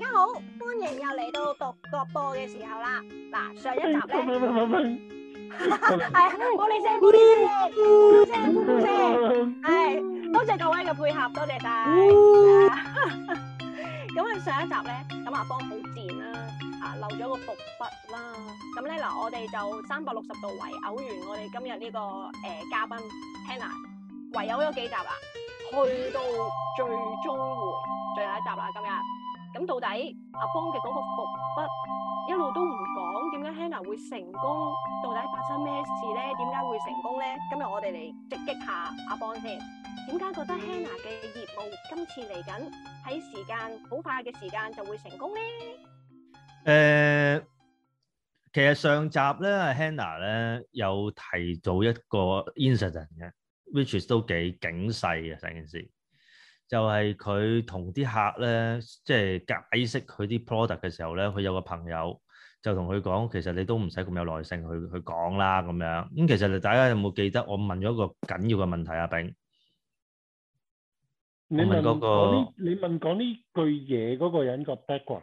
大家好，歡迎又嚟到獨角播嘅時候啦。嗱，上一集咧，係我哋聲聲聲，係多謝各位嘅配合，多謝大家。咁喺上一集咧，咁阿方好賤啦，啊漏咗個伏筆啦。咁咧嗱，我哋就三百六十度圍偶完我哋今日呢個誒嘉賓 Hana，圍偶咗幾集啦，去到最終回，最後一集啦，今日。咁到底阿邦嘅嗰個伏筆一路都唔講，點解 Hana 會成功？到底發生咩事咧？點解會成功咧？今日，我哋嚟直擊下阿邦先。點解覺得 Hana 嘅業務今次嚟緊喺時間好快嘅時間就會成功咧？誒，其實上集咧，Hana 咧有提到一個 incident 嘅，which 都幾警世嘅成件事。就係佢同啲客咧，即係解釋佢啲 product 嘅時候咧，佢有個朋友就同佢講：其實你都唔使咁有耐性去去講啦咁樣。咁、嗯、其實，大家有冇記得我問咗一個緊要嘅問題啊？阿炳，你問嗰個，你問講呢句嘢嗰個人個 background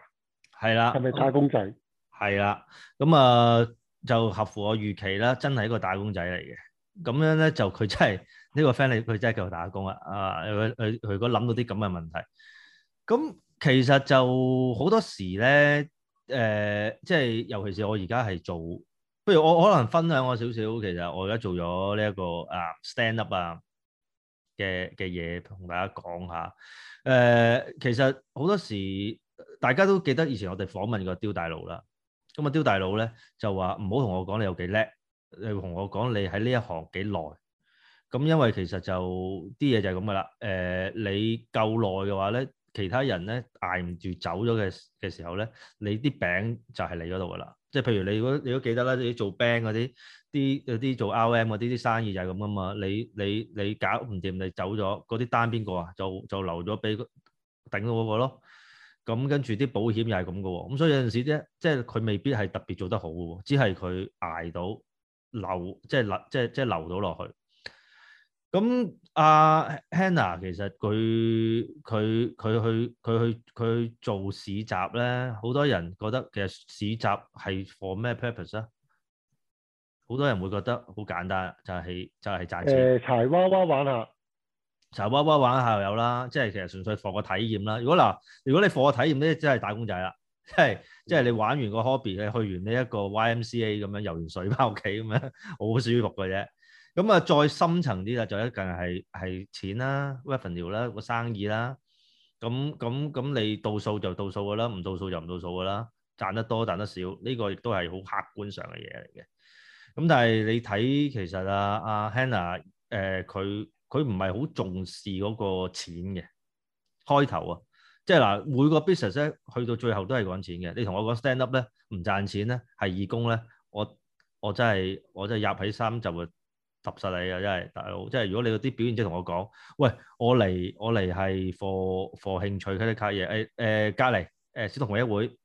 係啦，係咪打工仔？係、嗯、係啦，咁啊、呃、就合乎我預期啦，真係一個打工仔嚟嘅。咁樣咧就佢真係呢個 friend 佢真係繼續打工啊！啊，佢佢佢果諗到啲咁嘅問題。咁其實就好多時咧，誒，即係尤其是我而家係做，不如我可能分享我少少，其實我而家做咗呢一個啊 stand up 啊嘅嘅嘢，同大家講下。誒，其實好多時大家都記得以前我哋訪問過刁大佬啦。咁啊，刁大佬咧就話唔好同我講你有幾叻。你同我講你喺呢一行幾耐？咁因為其實就啲嘢就係咁噶啦。誒、呃，你夠耐嘅話咧，其他人咧挨唔住走咗嘅嘅時候咧，你啲餅就係你嗰度噶啦。即係譬如你如果你都記得啦，你做 band 嗰啲啲啲做 RM 嗰啲啲生意就係咁噶嘛。你你你搞唔掂你走咗，嗰啲單邊個啊，就就留咗俾頂到嗰個咯。咁跟住啲保險又係咁噶，咁所以有陣時呢，即係即係佢未必係特別做得好噶，只係佢挨到。留即係留即係即係留到落去。咁阿、啊、Hana 其實佢佢佢去佢去佢做市集咧，好多人覺得其實市集係 for 咩 purpose 啊？好多人會覺得好簡單，就係、起、就係、是、賺錢、呃。柴娃娃玩下，柴娃娃玩下又有啦。即係其實純粹 for 個體驗啦。如果嗱，如果你 for 個體驗咧，即係打工仔啦。即係即係你玩完個 hobby 咧，去完呢一個 YMCA 咁樣游完水翻屋企咁樣，好舒服嘅啫。咁啊，再深層啲啦，就一嚿係係錢啦、Revenue 啦、個生意啦。咁咁咁，你倒數就倒數噶啦，唔倒數就唔倒數噶啦。賺得多，賺得少，呢、呢個亦都係好客觀上嘅嘢嚟嘅。咁但係你睇其實啊啊 Hana 佢、呃、佢唔係好重視嗰個錢嘅開頭啊。即係嗱，每個 business 咧，去到最後都係講錢嘅。你同我講 stand up 咧，唔賺錢咧，係義工咧，我我真係我真係入起衫就會揼實你嘅，真係大佬。即係如果你嗰啲表現即係同我講，喂，我嚟我嚟係 for for 興趣嗰啲卡嘢，誒、哎、誒，隔離誒小童會會誒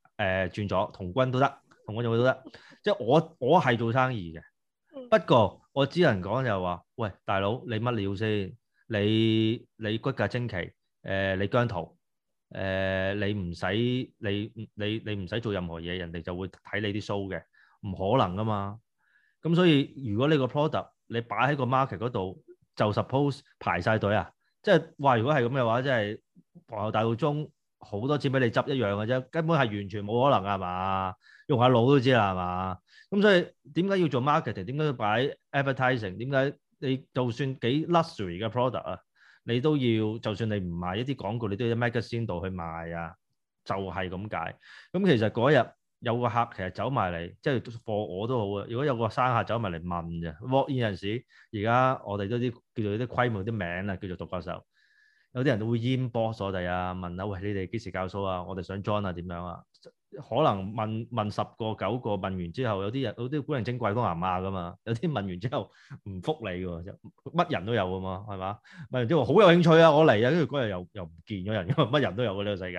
轉咗童軍都得，童軍會都得。即係我我係做生意嘅，不過我只能講就話，喂，大佬你乜料先？你你，你，你骨骼精奇，誒、呃、你姜圖。誒、呃，你唔使你你你唔使做任何嘢，人哋就會睇你啲 show 嘅，唔可能噶嘛。咁所以如果你個 product 你擺喺個 market 嗰度，就 suppose 排晒隊啊。即係話，如果係咁嘅話，即係皇后大道中好多錢俾你執一樣嘅啫，根本係完全冇可能啊嘛。用下腦都知啦，係嘛？咁所以點解要做 marketing？點解要擺 advertising？點解你就算幾 luxury 嘅 product 啊？你都要，就算你唔賣一啲廣告，你都要喺 magazine 度去賣啊，就係咁解。咁、嗯、其實嗰日有個客其實走埋嚟，即係貨我都好啊。如果有個生客走埋嚟問嘅，walk in 有陣時，而家我哋都啲叫做啲規模啲名啊，叫做獨角播，有啲人都會 inbox 我哋啊，問下、啊、喂，你哋幾時教書啊？我哋想 join 啊，點樣啊？可能問問十個九個問完之後，有啲人，有啲古靈精怪都挨罵噶嘛。有啲問完之後唔覆你㗎，乜人都有㗎嘛，係嘛？問完之後好有興趣啊，我嚟啊，跟住嗰日又又唔見咗人，因為乜人都有嘅呢個世界。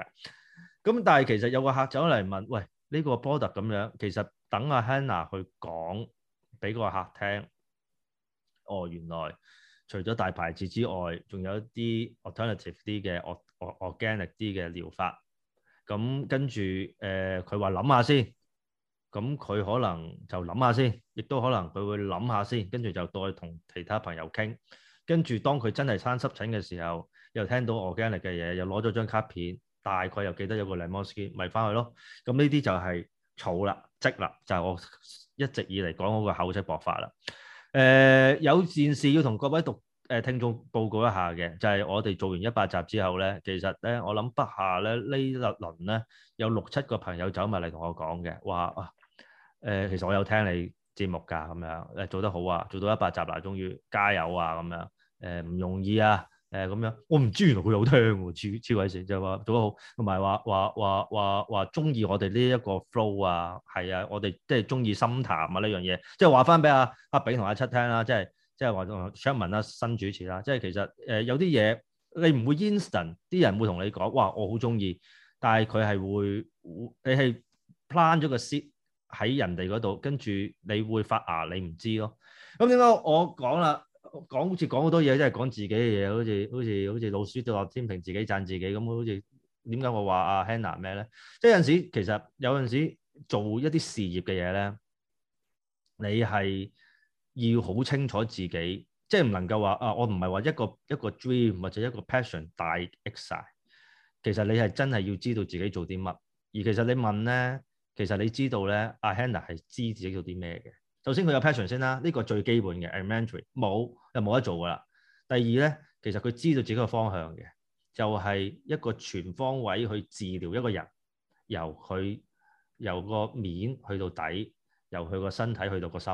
咁但係其實有個客走嚟問，喂，呢個 pod 咁樣，其實等阿 Hannah 去講俾個客聽。哦，原來除咗大牌子之外，仲有一啲 alternative 啲嘅，or organic 啲嘅療法。咁、嗯、跟住，誒、呃，佢話諗下先，咁、嗯、佢可能就諗下先，亦都可能佢會諗下先，跟住就再同其他朋友傾。跟住當佢真係生濕疹嘅時候，又聽到我驚力嘅嘢，又攞咗張卡片，大概又記得有個 LEMOI，咪返去咯。咁呢啲就係儲啦、積啦，就係、我一直以嚟講嗰個厚積薄發啦。誒、呃，有件事要同各位讀。誒，聽眾報告一下嘅，就係、是、我哋做完一百集之後咧，其實咧，我諗不下咧呢一輪咧，有六七個朋友走埋嚟同我講嘅，話啊誒，其實我有聽你節目噶咁樣，誒做得好啊，做到一百集啦、啊，終於加油啊咁樣，誒、呃、唔容易啊，誒咁樣，我唔知原來佢有聽喎，超超鬼神就話、是、做得好，同埋話話話話話中意我哋呢一個 flow 啊，係啊，我哋即係中意心談啊呢樣嘢，即係話翻俾阿阿炳同阿七聽啦、啊，即、就、係、是。即係話張文啦，新主持啦，即係其實誒、呃、有啲嘢你唔會 instant，啲人會同你講，哇！我好中意，但係佢係會,會你係 plan 咗個 set 喺人哋嗰度，跟住你會發芽，你唔知咯。咁點解我講啦？講好似講好多嘢，即係講自己嘅嘢，好似好似好似老鼠跌落天平自己讚自己咁，好似點解我話阿、啊、Hannah 咩咧？即係有陣時，其實有陣時做一啲事業嘅嘢咧，你係。要好清楚自己，即係唔能夠話啊！我唔係話一個一個 dream 或者一個 passion 大 e 晒。其實你係真係要知道自己做啲乜。而其實你問咧，其實你知道咧，阿 Hana 係知自己做啲咩嘅。首先佢有 passion 先啦，呢個最基本嘅，elementary 冇又冇得做噶啦。第二咧，其實佢知道自己個方向嘅，就係一個全方位去治療一個人，由佢由個面去到底，由佢個身體去到個心。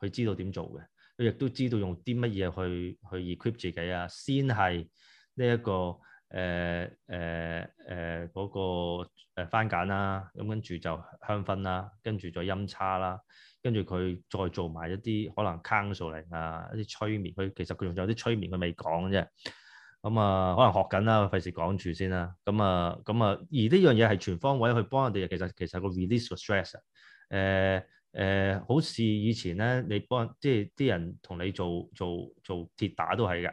佢知道點做嘅，佢亦都知道用啲乜嘢去去 equip 自己啊。先係呢一個誒誒誒嗰個誒番簡啦，咁、啊、跟住就香薰啦、啊，跟住再音叉啦、啊，跟住佢再做埋一啲可能 counseling 啊，一啲催眠。佢其實佢仲有啲催眠，佢未講啫。咁啊，可能學緊啦，費事講住先啦。咁啊，咁啊，啊，而呢樣嘢係全方位去幫人哋。其實其實係個 release 個 stress 啊、呃，誒。誒、呃、好似以前咧，你幫即係啲人同你做做做鐵打都係嘅。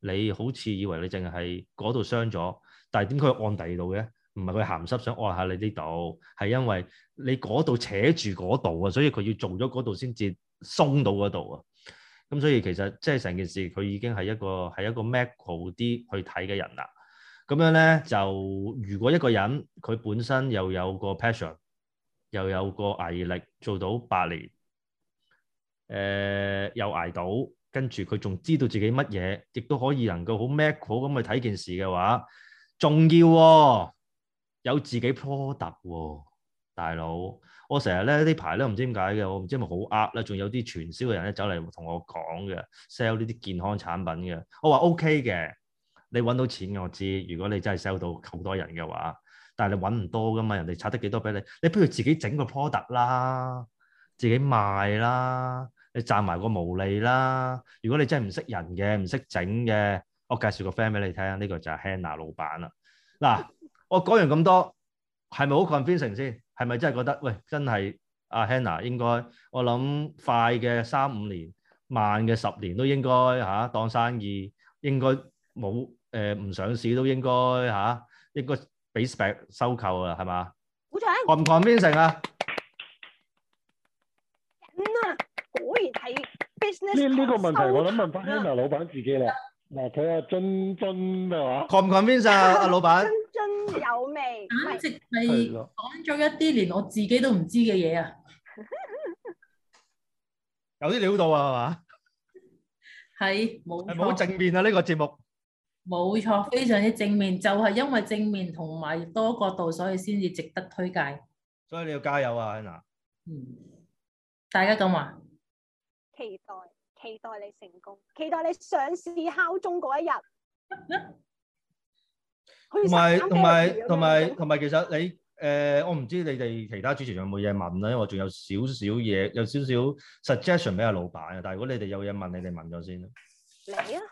你好似以為你淨係係嗰度傷咗，但係點解佢按第二度嘅？唔係佢鹹濕想按下你呢度，係因為你嗰度扯住嗰度啊，所以佢要做咗嗰度先至鬆到嗰度啊。咁所以其實即係成件事，佢已經係一個係一個 macro 啲去睇嘅人啦。咁樣咧就，如果一個人佢本身又有個 passion。又有個毅力做到八年，誒、呃、又捱到，跟住佢仲知道自己乜嘢，亦都可以能夠好 match 好咁去睇件事嘅話，仲要喎、哦，有自己 product 喎、哦，大佬。我成日咧呢排咧唔知點解嘅，是是我唔知係咪好呃啦，仲有啲傳銷嘅人咧走嚟同我講嘅 sell 呢啲健康產品嘅，我話 OK 嘅，你揾到錢我知，如果你真係 sell 到好多人嘅話。但係你揾唔到噶嘛？人哋拆得幾多俾你？你不如自己整個 product 啦，自己賣啦，你賺埋個毛利啦。如果你真係唔識人嘅，唔識整嘅，我介紹個 friend 俾你聽，呢個就係 Hannah 老闆啦。嗱，我講完咁多，係咪好 convinced 先？係咪真係覺得？喂，真係阿 Hannah 應該，我諗快嘅三五年，慢嘅十年都應該嚇當生意，應該冇誒唔上市都應該嚇應該。俾 spec 收購啦，係嘛？好彩 convince 啊？嗯啊，果然係 business 呢呢個問題，我諗問翻阿老闆自己啦。嗱，睇下津津咩話？convince 啊，阿老闆？津津有味，係咪講咗一啲連我自己都唔知嘅嘢啊？有啲料到啊，係嘛？係冇冇正面啊？呢個節目。冇錯，非常之正面，就係、是、因為正面同埋多角度，所以先至值得推介。所以你要加油啊，Hana 嗯，大家咁話，期待期待你成功，期待你上市敲鐘嗰一日。同埋同埋同埋同埋，其實你誒、呃，我唔知你哋其他主持人有冇嘢問啦，因為我仲有少少嘢，有少少 suggestion 俾阿老闆啊。但係如果你哋有嘢問，你哋問咗先啦。嚟啊。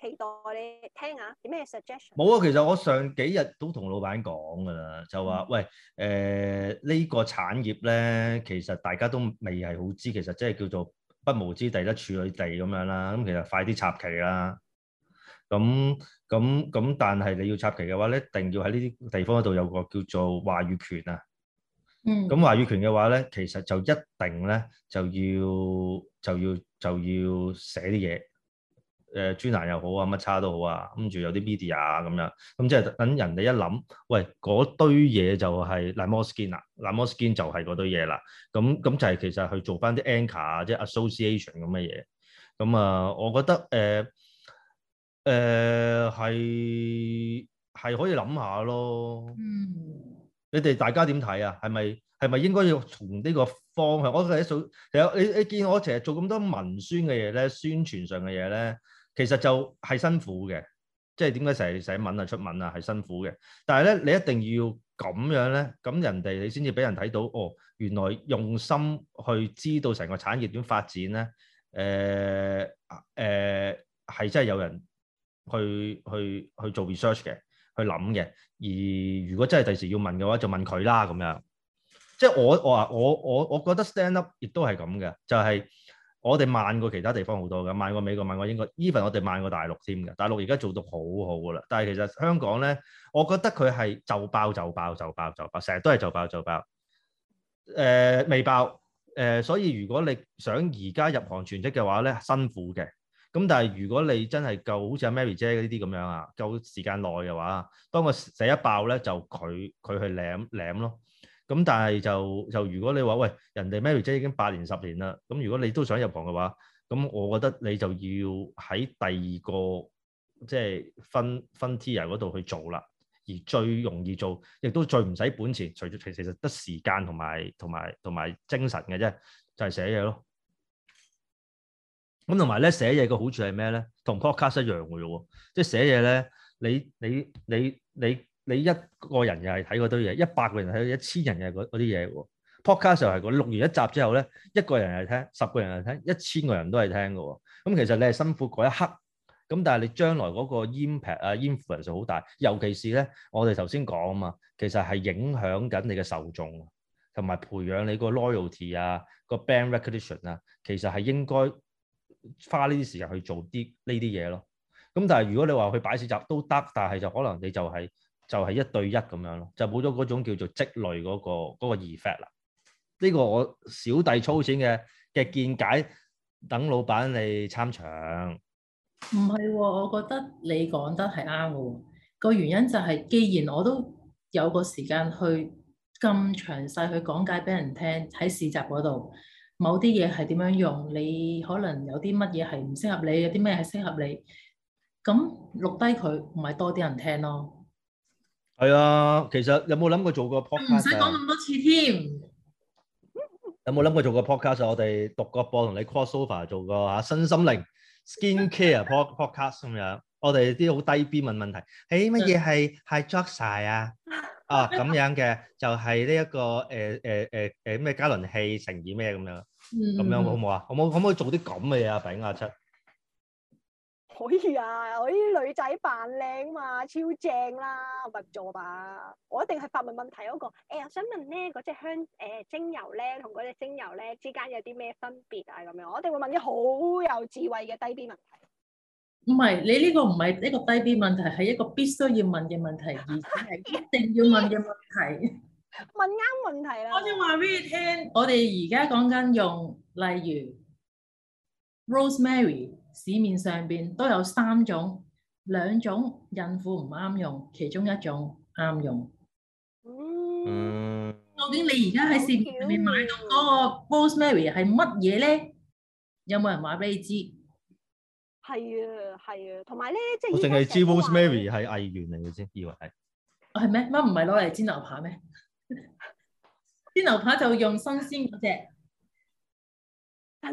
期待你聽下啲咩 suggestion？冇啊，其實我上幾日都同老闆講噶啦，就話、嗯、喂誒呢、呃呢個產業咧，其實大家都未係好知，其實即係叫做不毛之地、一處女地咁樣啦。咁、嗯、其實快啲插旗啦。咁咁咁，但係你要插旗嘅話咧，一定要喺呢啲地方度有個叫做話語權啊。嗯。咁話語權嘅話咧，其實就一定咧就要就要就要，就要寫啲嘢。誒、呃、專欄又好啊，乜叉都好啊，跟住有啲 media 咁樣，咁、嗯、即係等人哋一諗，喂，嗰堆嘢就係 LEMOI skin 啦、嗯，嗯 LEMOI skin 就係嗰堆嘢啦。咁咁就係其實去做翻啲 anchor 啊，即係 association 咁嘅嘢。咁啊，我覺得誒誒係係可以諗下咯。嗯，你哋大家點睇啊？係咪係咪應該要從呢個方向？我覺得數有你你見我成日做咁多文宣嘅嘢咧，宣傳上嘅嘢咧。其實就係辛苦嘅，即係點解成日寫文啊、出文啊係辛苦嘅。但係咧，你一定要咁樣咧，咁人哋你先至俾人睇到哦。原來用心去知道成個產業點發展咧，誒誒係真係有人去去去做 research 嘅，去諗嘅。而如果真係第時要問嘅話，就問佢啦咁樣。即係我我話我我我覺得 stand up 亦都係咁嘅，就係、是。我哋慢過其他地方好多噶，慢過美國，慢過英國，even 我哋慢過大陸添噶。大陸而家做到好好噶啦，但係其實香港咧，我覺得佢係就爆就爆就爆就爆，成日都係就爆就爆。誒、呃、未爆誒、呃，所以如果你想而家入行全職嘅話咧，辛苦嘅。咁但係如果你真係夠，好似阿 Mary 姐呢啲咁樣啊，夠時間耐嘅話，當個社一爆咧，就佢佢去攬攬咯。咁但係就就如果你話喂，人哋 Melody 已經八年十年啦，咁如果你都想入行嘅話，咁我覺得你就要喺第二個即係、就是、分分 tier 嗰度去做啦。而最容易做，亦都最唔使本錢，除咗其實得時間同埋同埋同埋精神嘅啫，就係、是、寫嘢咯。咁同埋咧寫嘢嘅好處係咩咧？同 Podcast 一樣嘅啫喎，即、就、係、是、寫嘢咧，你你你你。你你你一個人又係睇嗰堆嘢，一百個人睇到一千人又係嗰啲嘢喎。Podcast 又係咁，錄完一集之後咧，一個人又係聽，十個人又係聽，一千個人都係聽嘅喎。咁、嗯、其實你係辛苦嗰一刻，咁但係你將來嗰個 impact 啊，influence 好大。尤其是咧，我哋頭先講啊嘛，其實係影響緊你嘅受眾，同埋培養你個 loyalty 啊，個 brand recognition 啊，其實係應該花呢啲時間去做啲呢啲嘢咯。咁但係如果你話去擺市集都得，但係就可能你就係、是。就係一對一咁樣咯，就冇咗嗰種叫做積累嗰個嗰個 effect 啦。呢個我小弟粗淺嘅嘅見解，等老闆你參詳。唔係喎，我覺得你講得係啱嘅喎。個原因就係，既然我都有個時間去咁詳細去講解俾人聽，喺市集嗰度，某啲嘢係點樣用，你可能有啲乜嘢係唔適合你，有啲咩係適合你，咁錄低佢，唔係多啲人聽咯。係啊，其實有冇諗過做過 podcast？唔使講咁多次添。啊、 有冇諗過做過 podcast？ 我哋讀個播同你 crossover 做過啊，身心靈 skin care podcast 咁樣。我哋啲好低 b 問問題，誒、欸，乜嘢係係 dry 啊？啊，咁樣嘅就係呢一個誒誒誒誒咩加侖器乘以咩咁樣，咁樣，嗯、樣好唔好啊？可唔可可唔可以做啲咁嘅嘢啊？餅啊七。可以啊！我啲女仔扮靚啊嘛，超正啦，唔係唔做吧？我一定係發問問題嗰個。誒，我想問咧，嗰隻香誒精油咧，同嗰隻精油咧之間有啲咩分別啊？咁樣我一定會問啲好有智慧嘅低 B 問題。唔係，你呢個唔係一個低 B 問題，係一個必須要問嘅問題，而係一定要問嘅問題。問啱問題啦！我先話俾你聽，我哋而家講緊用，例如 Rosemary。市面上邊都有三種，兩種孕婦唔啱用，其中一種啱用。嗯。究竟你而家喺市面上邊買到嗰個 Rosemary 係乜嘢咧？有冇人話俾你知？係啊，係啊。同埋咧，即係。我淨係知 Rosemary 係藝員嚟嘅啫，以為係。係咩？乜唔係攞嚟煎牛扒咩？煎牛扒就用新鮮嗰隻。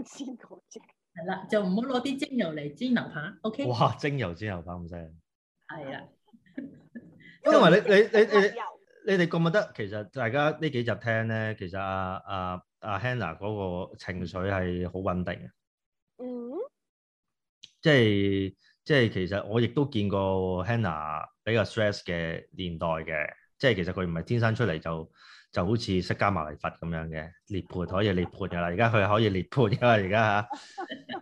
新鮮嗰隻。係啦，就唔好攞啲精油嚟煎牛扒，OK？哇，精油煎牛扒咁犀利！係啦，因為了你 你你你你覺唔覺得，其實大家呢幾集聽咧，其實阿、啊、阿阿、啊啊、Hana 嗰個情緒係好穩定嘅。嗯。即係即係，其實我亦都見過 Hana 比較 stress 嘅年代嘅，即係其實佢唔係天生出嚟就。就好似釋迦牟尼佛咁樣嘅，涅槃可以涅槃噶啦，而家佢可以涅槃噶啦，而家嚇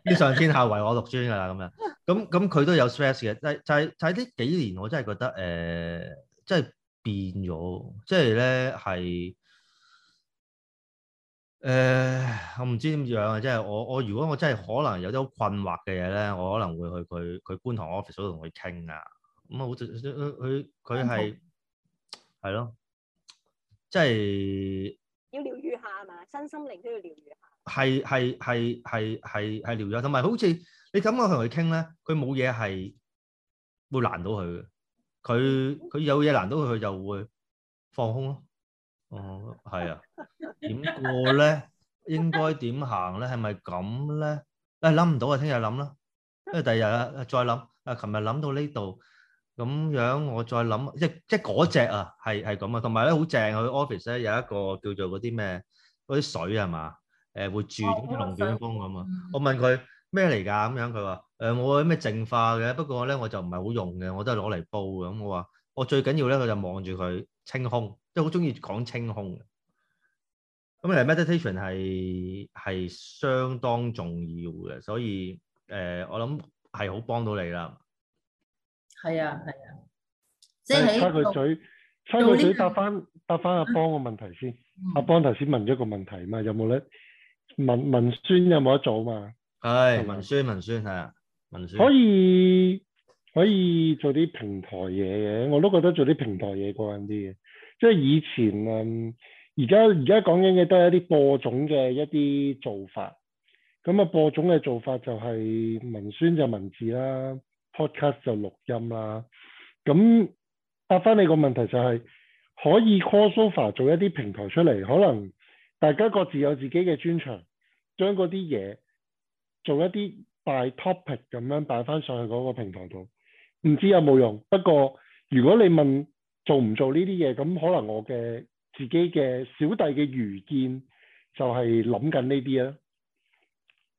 天上天下唯我獨尊噶啦咁樣，咁咁佢都有 stress 嘅，但係就係、是、就係、是、呢幾年我真係覺得誒、呃，真係變咗，即係咧係誒，我唔知點樣啊，即、就、係、是、我我如果我真係可能有啲好困惑嘅嘢咧，我可能會去佢佢觀塘 office 度同佢傾啊，咁啊，佢佢佢係係咯。即係要療愈下係嘛，身心靈都要療愈下。係係係係係係療愈，同埋好似你咁樣同佢傾咧，佢冇嘢係會難到佢嘅，佢佢有嘢難到佢，佢就會放空咯。哦，係啊。點過咧？應該點行咧？係咪咁咧？誒諗唔到啊，聽日諗啦，因為第二日啊再諗。誒，琴日諗到呢度。咁樣我再諗，即即嗰隻啊，係係咁啊，同埋咧好正，佢 office 咧有一個叫做嗰啲咩，嗰啲水係嘛，誒會住嗰啲龍捲風咁啊。我問佢咩嚟噶，咁樣佢話誒我咩淨化嘅，不過咧我就唔係好用嘅，我都係攞嚟煲嘅。咁我話我最緊要咧，我就望住佢清空，即係好中意講清空。咁誒，meditation 係係相當重要嘅，所以誒我諗係好幫到你啦。係啊，係啊，即係。閂佢嘴，閂佢嘴答翻答翻阿邦個問題先。嗯、阿邦頭先問咗一個問題嘛，有冇咧文文宣有冇得做啊嘛？係、哎、吧文宣，文宣係啊，文宣可以可以做啲平台嘢嘅，我都覺得做啲平台嘢過癮啲嘅。即係以前啊，而家而家講緊嘅都係一啲播種嘅一啲做法。咁啊，播種嘅做法就係文宣就文字啦。podcast 就錄音啦。咁答翻你個問題就係、是、可以 call sofa 做一啲平台出嚟，可能大家各自有自己嘅專長，將嗰啲嘢做一啲 by topic 咁樣擺翻上去嗰個平台度。唔知有冇用？不過如果你問做唔做呢啲嘢，咁可能我嘅自己嘅小弟嘅愚見就係諗緊呢啲啦。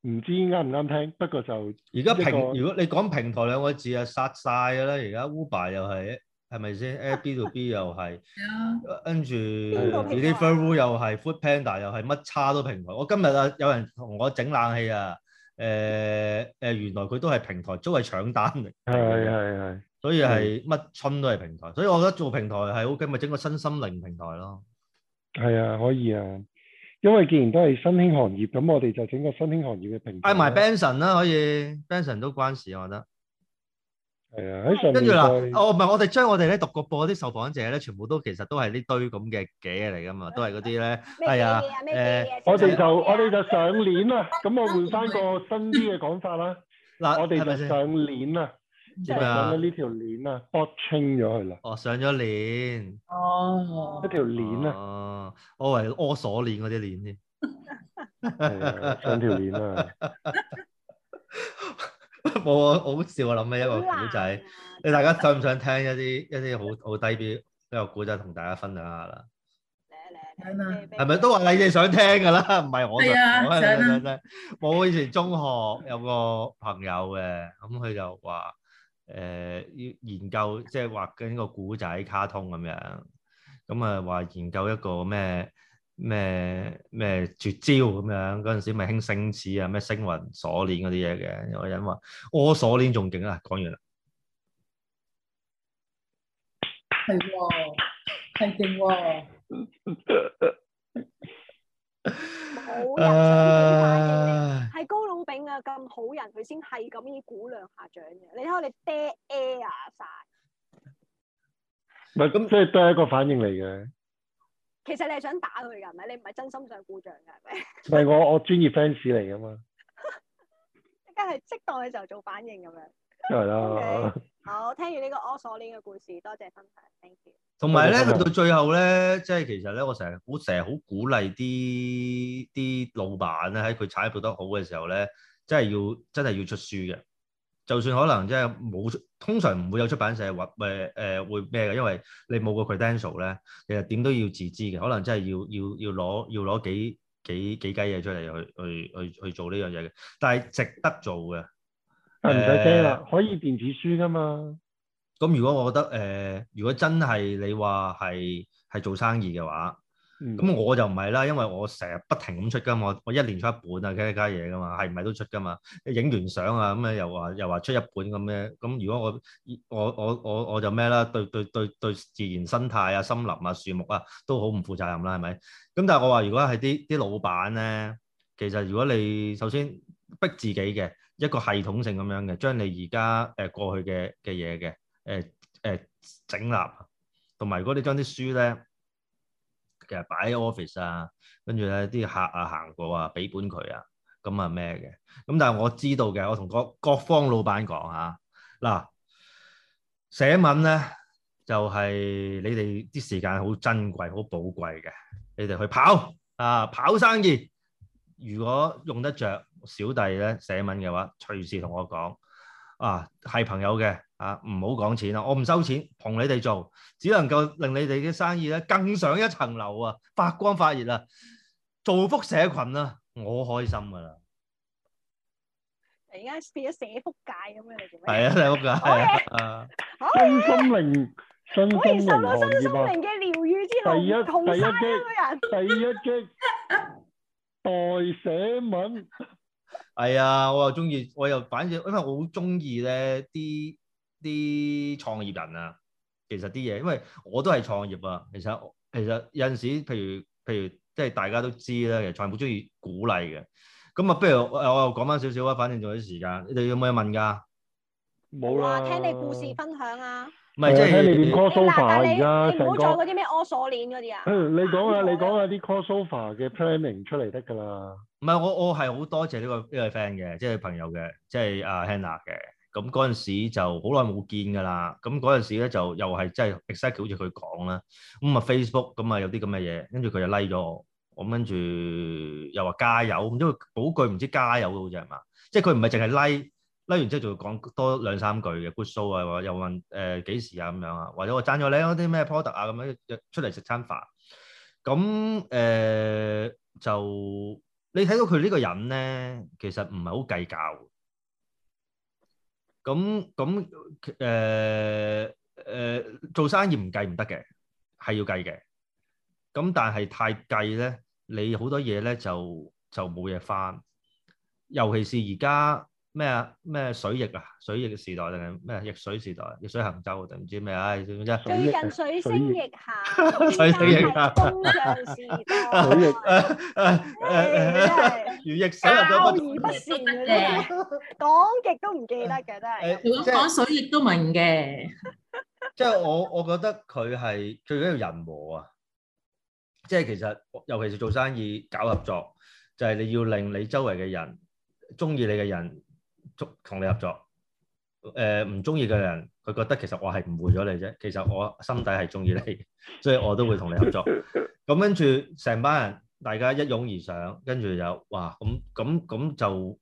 唔知啱唔啱聽，不過就而家平，如果你講平台兩個字啊，殺曬啦！而家 Uber 又係，係咪先？Airbnb 又係，跟住嗰啲 Fiverr 又係，Foodpanda 又係，乜叉都平台。我今日啊，有人同我整冷氣啊，誒誒，原來佢都係平台，都係搶單嚟。係係係，所以係乜春都係平台，所以我覺得做平台係 OK，咪整個新心靈平台咯。係啊，可以啊。因為既然都係新興行業，咁我哋就整個新興行業嘅平台。嗌埋 Benson 啦，可以，Benson 都關事，我覺得。係啊，喺上跟住嗱，哦唔係，我哋將我哋咧獨角播啲受訪者咧，全部都其實都係呢堆咁嘅嘅嘢嚟噶嘛，都係嗰啲咧係啊。誒，我哋就我哋就上鏈啊！咁我換翻個新啲嘅講法啦。嗱，我哋就上鏈啊！即係啊！呢條鏈啊 b o x i n 咗佢啦。哦，上咗鏈。哦，一條鏈啊。哦、啊，我以為係鎖鏈嗰啲鏈添。上條鏈啊。我好笑啊！諗起一個古仔。 你大家想唔想聽一啲一啲好好低 b 啲嘅古仔同大家分享下啦？嚟嚟。聽啦。係咪都話你哋想聽噶啦？唔係我， 啊、我想聽。 我以前中學有個朋友嘅，咁佢就話。誒，要、呃、研究即係畫緊個古仔卡通咁樣，咁啊話研究一個咩咩咩絕招咁樣，嗰陣時咪興星矢啊，咩星雲鎖鏈嗰啲嘢嘅，有個人話我鎖鏈仲勁啊，講完啦。係喎，係真喎。Uh 啊、好人先係高老餅啊！咁好人佢先係咁依鼓兩下掌嘅，你睇下你爹 air 啊曬。唔係咁，所以都係一個反應嚟嘅。其實你係想打佢㗎，係咪？你唔係真心想鼓掌㗎，係咪？唔係，我我專業 fans 嚟㗎嘛。 即係適當嘅時候做反應咁樣。係啦， okay. 好，聽完呢個 All Soulling 嘅故事，多謝分享，thank you。同埋咧，到最後咧，即係其實咧，我成日好成日好鼓勵啲啲老闆咧，喺佢踩一步得好嘅時候咧，即係要真係要出書嘅。就算可能即係冇，通常唔會有出版社或誒誒會咩嘅、呃，因為你冇個 credential 咧，其實點都要自知嘅。可能真係要要要攞要攞幾幾幾幾嘢，出嚟，去去去去做呢樣嘢嘅，但係值得做嘅。誒，唔使驚啦，呃、可以電子書噶嘛。咁如果我覺得，誒、呃，如果真係你話係係做生意嘅話，咁、嗯、我就唔係啦，因為我成日不停咁出噶嘛，我一年出一本啊，幾多家嘢噶嘛，係唔係都出噶嘛？影完相啊，咁啊又話又話出一本咁、啊、咩？咁如果我我我我我就咩啦？對對對對，對對對自然生態啊、森林啊、樹木啊，都好唔負責任啦，係咪？咁但係我話，如果係啲啲老闆咧，其實如果你首先逼自己嘅。一個系統性咁樣嘅，將你而家誒過去嘅嘅嘢嘅誒誒整立，同埋如果你將啲書咧，其實擺喺 office 啊，跟住咧，啲客啊行過啊，俾本佢啊，咁啊咩嘅？咁但係我知道嘅，我同各各方老闆講吓嗱，寫文咧就係、是、你哋啲時間好珍貴、好寶貴嘅，你哋去跑啊跑生意。如果用得着小弟咧寫文嘅話，隨時同我講啊，係朋友嘅啊，唔好講錢啦，我唔收錢，同你哋做，只能夠令你哋嘅生意咧更上一層樓啊，發光發熱啊，造福社群啊，我開心噶啦！而家變咗社福界咁樣嚟做咩？係啊，社福界啊，啊！好，心靈，真心靈，我心靈嘅療愈之後，同晒啲人。第一擊。 代寫文係啊、哎，我又中意，我又反正，因為我好中意咧啲啲創業人啊。其實啲嘢，因為我都係創業啊。其實其實有陣時譬，譬如譬如即係大家都知啦，其實創業好中意鼓勵嘅。咁啊，不如我又講翻少少啊。反正仲有啲時間，你哋有冇嘢問噶冇啦了。聽你故事分享啊！唔係即係你 co sofa 而家，你唔好再嗰啲咩鎖鏈嗰啲啊。嗯，你講下你講下啲 co sofa 嘅 planning 出嚟得㗎啦。唔係我我係好多謝呢個呢位 friend 嘅，即係朋友嘅，即係阿 Hana 嘅。咁嗰陣時就好耐冇見㗎啦。咁嗰陣時咧就又係即係 exactly 好似佢講啦。咁啊 Facebook 咁啊有啲咁嘅嘢，跟住佢就 like 咗我。咁跟住又話加油，因為寶句唔知加油好似係嘛，即係佢唔係淨係 like。拉完之後仲要講多兩三句嘅 good show 啊，又問誒幾、呃、時啊咁樣啊，或者我讚咗你嗰啲咩 product 啊咁樣出嚟食餐飯，咁誒、呃、就你睇到佢呢個人咧，其實唔係好計較嘅。咁咁誒誒，做生意唔計唔得嘅，係要計嘅。咁但係太計咧，你好多嘢咧就就冇嘢返，尤其是而家。咩啊？咩水逆啊？水逆嘅時代定係咩啊逆水時代？逆水行舟定唔知咩？唉，最近水星逆下，但係東向時，水逆交而不善啊！講極都唔記得嘅，真係。如果講水逆都問嘅，即係我我覺得佢係最緊要人和啊！即係其實尤其是做生意搞合作，就係你要令你周圍嘅人中意你嘅人。同你合作，誒唔中意嘅人，佢覺得其實我係誤會咗你啫。其實我心底係中意你，所以我都會同你合作。咁 跟住成班人，大家一擁而上，跟住就哇咁咁咁就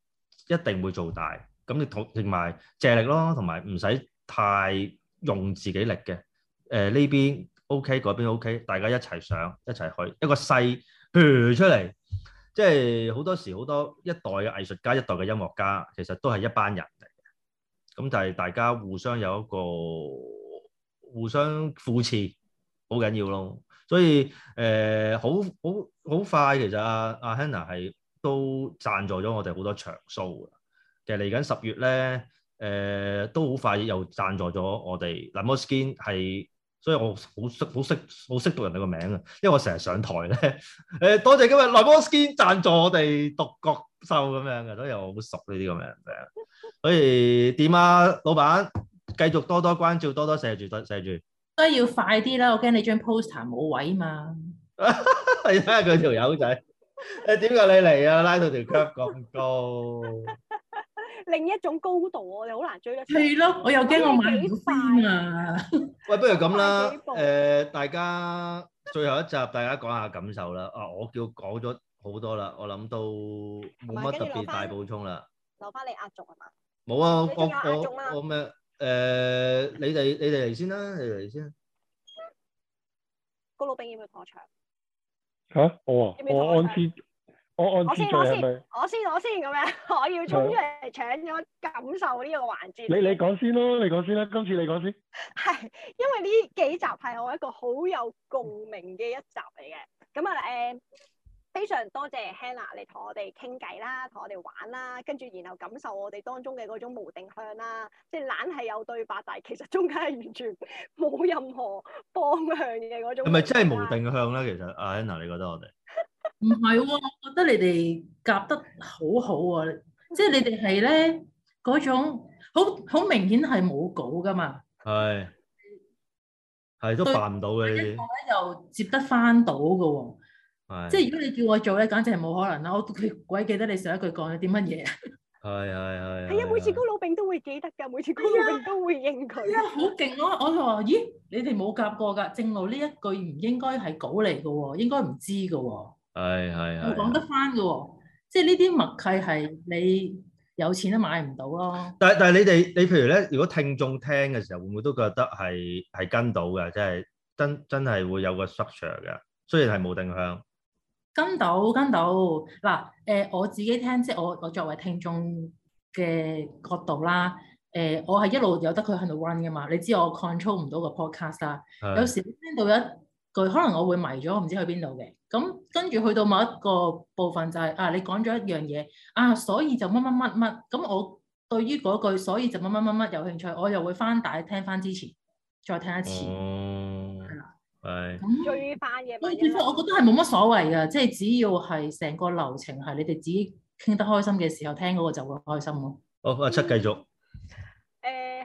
一定會做大。咁你同埋借力咯，同埋唔使太用自己力嘅。誒、呃、呢邊 OK，嗰邊 OK，大家一齊上，一齊去一個勢、呃、出嚟。即係好多時，好多一代嘅藝術家、一代嘅音樂家，其實都係一班人嚟嘅。咁就係大家互相有一個互相扶持，好緊要咯。所以誒，好好好快，其實阿、啊、阿、啊、Hannah 係都贊助咗我哋好多場 show 嘅。其實嚟緊十月咧，誒、呃、都好快又贊助咗我哋。LEMOI Skin 係。所以我好識好識好識讀人哋個名啊，因為我成日上台咧。誒， 多謝今日 LEMOI Skin 贊助我哋獨角獸咁樣嘅，都因為我好熟呢啲咁樣名。所以點啊，老闆，繼續多多關照，多多謝住，多謝住。都要快啲啦，我驚你張 poster 冇位啊嘛。係睇下佢條友仔。誒，點解你嚟啊？拉到條 cup 咁高。 另一種高度啊，又好難追啦。係咯，我又驚我買幾快啊！喂，不如咁啦，誒，大家最後一集大家講下感受啦。啊，我叫講咗好多啦，我諗到冇乜特別大補充啦。留翻你壓軸係嘛？冇啊，我我我咪誒，你哋你哋嚟先啦，你嚟先。個老兵要唔要過場？嚇！我我按次。我我先，我先，我先，我先咁樣，我， 我要沖出嚟搶咗感受呢個環節。你你講先咯，你講先啦，今次你講先。係，因為呢幾集係我一個好有共鳴嘅一集嚟嘅。咁啊誒，非常多謝 Hana 嚟同我哋傾偈啦，同我哋玩啦，跟住然後感受我哋當中嘅嗰種無定向啦，即係懶係有對白，但係其實中間係完全冇任何方向嘅嗰種。係咪真係無定向啦。其實啊，Hana，你覺得我哋？唔係，我覺得你哋夾得好好啊！即係你哋係咧嗰種好好明顯係冇稿噶嘛，係係都辦唔到嘅呢。我咧又接得翻到噶，即係如果你叫我做咧，簡直係冇可能啦！我鬼記得你上一句講咗啲乜嘢啊？係係係。係啊，每次高老餅都會記得噶，每次高老餅都會應佢。啊，好勁啊！我就話咦，你哋冇夾過噶？正路呢一句唔應該係稿嚟噶，應該唔知噶。係係係，講得翻嘅、哦，即係呢啲默契係你有錢都買唔到咯、哦。但係但係你哋，你譬如咧，如果聽眾聽嘅時候，會唔會都覺得係係跟到嘅，即係真真係會有個 structure 嘅，雖然係冇定向。跟到跟到，嗱，誒、呃，我自己聽，即係我我作為聽眾嘅角度啦，誒、呃，我係一路有得佢喺度 run 噶嘛，你知我 control 唔到個 podcast 啦，是有時聽到一句，可能我會迷咗，我唔知去邊度嘅。咁跟住去到某一個部分就係、是、啊，你講咗一樣嘢啊，所以就乜乜乜乜，咁我對於嗰句所以就乜乜乜乜有興趣，我又會翻帶聽翻之前，再聽一次，係啦、哦，係最煩嘅。我覺的我覺得係冇乜所謂啊，即、就、係、是、只要係成個流程係你哋自己傾得開心嘅時候聽嗰個就會開心咯。好、哦，阿七繼續。